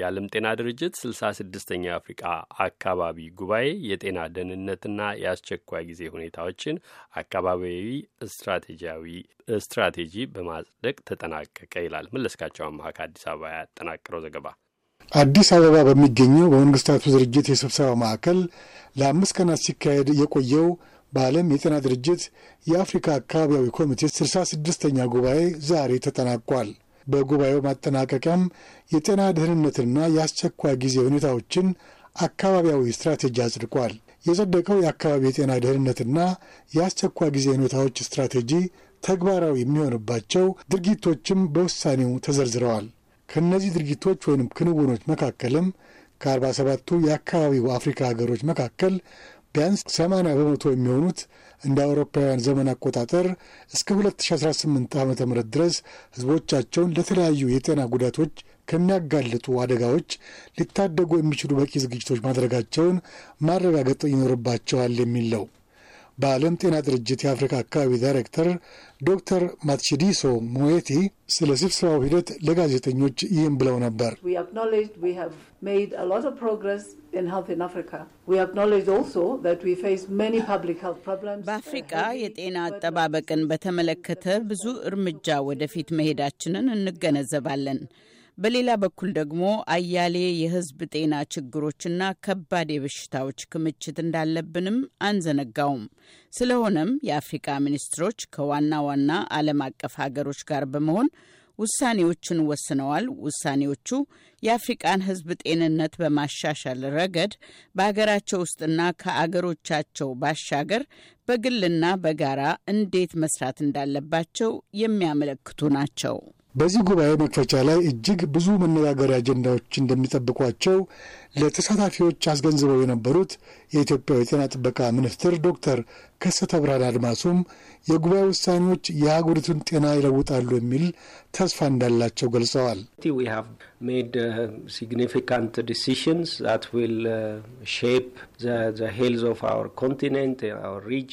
የዓለም ጤና ድርጅት 66ኛ አፍሪቃ አካባቢ ጉባኤ የጤና ደህንነትና የአስቸኳይ ጊዜ ሁኔታዎችን አካባቢያዊ ስትራቴጂያዊ ስትራቴጂ በማጽደቅ ተጠናቀቀ ይላል። መለስካቸው አማሃ ከአዲስ አበባ ያጠናቀረው ዘገባ። አዲስ አበባ በሚገኘው በመንግስታቱ ድርጅት የስብሰባ ማዕከል ለአምስት ቀናት ሲካሄድ የቆየው በዓለም የጤና ድርጅት የአፍሪካ አካባቢያዊ ኮሚቴ 66ኛ ጉባኤ ዛሬ ተጠናቋል። በጉባኤው ማጠናቀቂያም የጤና ደህንነትና የአስቸኳይ ጊዜ ሁኔታዎችን አካባቢያዊ ስትራቴጂ አጽድቋል። የጸደቀው የአካባቢ የጤና ደህንነትና የአስቸኳይ ጊዜ ሁኔታዎች ስትራቴጂ ተግባራዊ የሚሆንባቸው ድርጊቶችም በውሳኔው ተዘርዝረዋል። ከእነዚህ ድርጊቶች ወይም ክንውኖች መካከልም ከ47ቱ የአካባቢው አፍሪካ ሀገሮች መካከል ቢያንስ 80 በመቶ የሚሆኑት እንደ አውሮፓውያን ዘመን አቆጣጠር እስከ 2018 ዓ ም ድረስ ህዝቦቻቸውን ለተለያዩ የጤና ጉዳቶች ከሚያጋልጡ አደጋዎች ሊታደጉ የሚችሉ በቂ ዝግጅቶች ማድረጋቸውን ማረጋገጥ ይኖርባቸዋል የሚል ነው። በዓለም ጤና ድርጅት የአፍሪካ አካባቢ ዳይሬክተር ዶክተር ማትሺዲሶ ሞቲ ስለ ስብሰባው ሂደት ለጋዜጠኞች ይህም ብለው ነበር። በአፍሪቃ የጤና አጠባበቅን በተመለከተ ብዙ እርምጃ ወደፊት መሄዳችንን እንገነዘባለን። በሌላ በኩል ደግሞ አያሌ የህዝብ ጤና ችግሮችና ከባድ የበሽታዎች ክምችት እንዳለብንም አንዘነጋውም። ስለሆነም የአፍሪካ ሚኒስትሮች ከዋና ዋና ዓለም አቀፍ ሀገሮች ጋር በመሆን ውሳኔዎችን ወስነዋል። ውሳኔዎቹ የአፍሪቃን ህዝብ ጤንነት በማሻሻል ረገድ በሀገራቸው ውስጥና ከአገሮቻቸው ባሻገር በግልና በጋራ እንዴት መስራት እንዳለባቸው የሚያመለክቱ ናቸው። በዚህ ጉባኤ መክፈቻ ላይ እጅግ ብዙ መነጋገሪያ አጀንዳዎች እንደሚጠብቋቸው ለተሳታፊዎች አስገንዝበው የነበሩት የኢትዮጵያ የጤና ጥበቃ ሚኒስትር ዶክተር ከሰተ ብርሃን አድማሱም የጉባኤ ውሳኔዎች የአህጉሪቱን ጤና ይለውጣሉ የሚል ተስፋ እንዳላቸው ገልጸዋል። uh,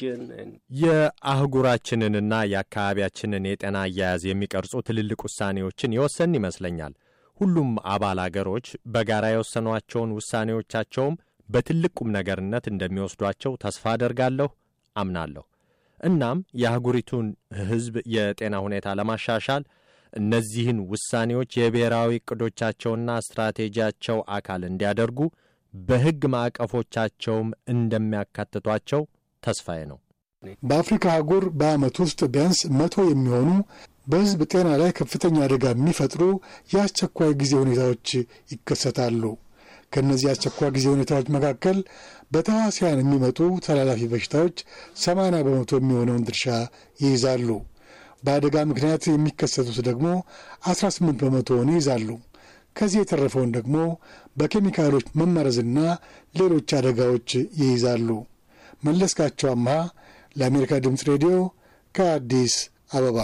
uh, የአህጉራችንንና የአካባቢያችንን የጤና አያያዝ የሚቀርጹ ትልልቅ ውሳኔዎችን የወሰን ይመስለኛል። ሁሉም አባል አገሮች በጋራ የወሰኗቸውን ውሳኔዎቻቸውም በትልቅ ቁም ነገርነት እንደሚወስዷቸው ተስፋ አደርጋለሁ፣ አምናለሁ። እናም የአህጉሪቱን ሕዝብ የጤና ሁኔታ ለማሻሻል እነዚህን ውሳኔዎች የብሔራዊ ዕቅዶቻቸውና ስትራቴጂያቸው አካል እንዲያደርጉ በሕግ ማዕቀፎቻቸውም እንደሚያካትቷቸው ተስፋዬ ነው። በአፍሪካ አህጉር በዓመት ውስጥ ቢያንስ መቶ የሚሆኑ በሕዝብ ጤና ላይ ከፍተኛ አደጋ የሚፈጥሩ የአስቸኳይ ጊዜ ሁኔታዎች ይከሰታሉ። ከእነዚህ አስቸኳይ ጊዜ ሁኔታዎች መካከል በተዋሲያን የሚመጡ ተላላፊ በሽታዎች 80 በመቶ የሚሆነውን ድርሻ ይይዛሉ። በአደጋ ምክንያት የሚከሰቱት ደግሞ 18 በመቶውን ይይዛሉ። ከዚህ የተረፈውን ደግሞ በኬሚካሎች መመረዝና ሌሎች አደጋዎች ይይዛሉ። መለስካቸው አምሃ ለአሜሪካ ድምፅ ሬዲዮ ከአዲስ አበባ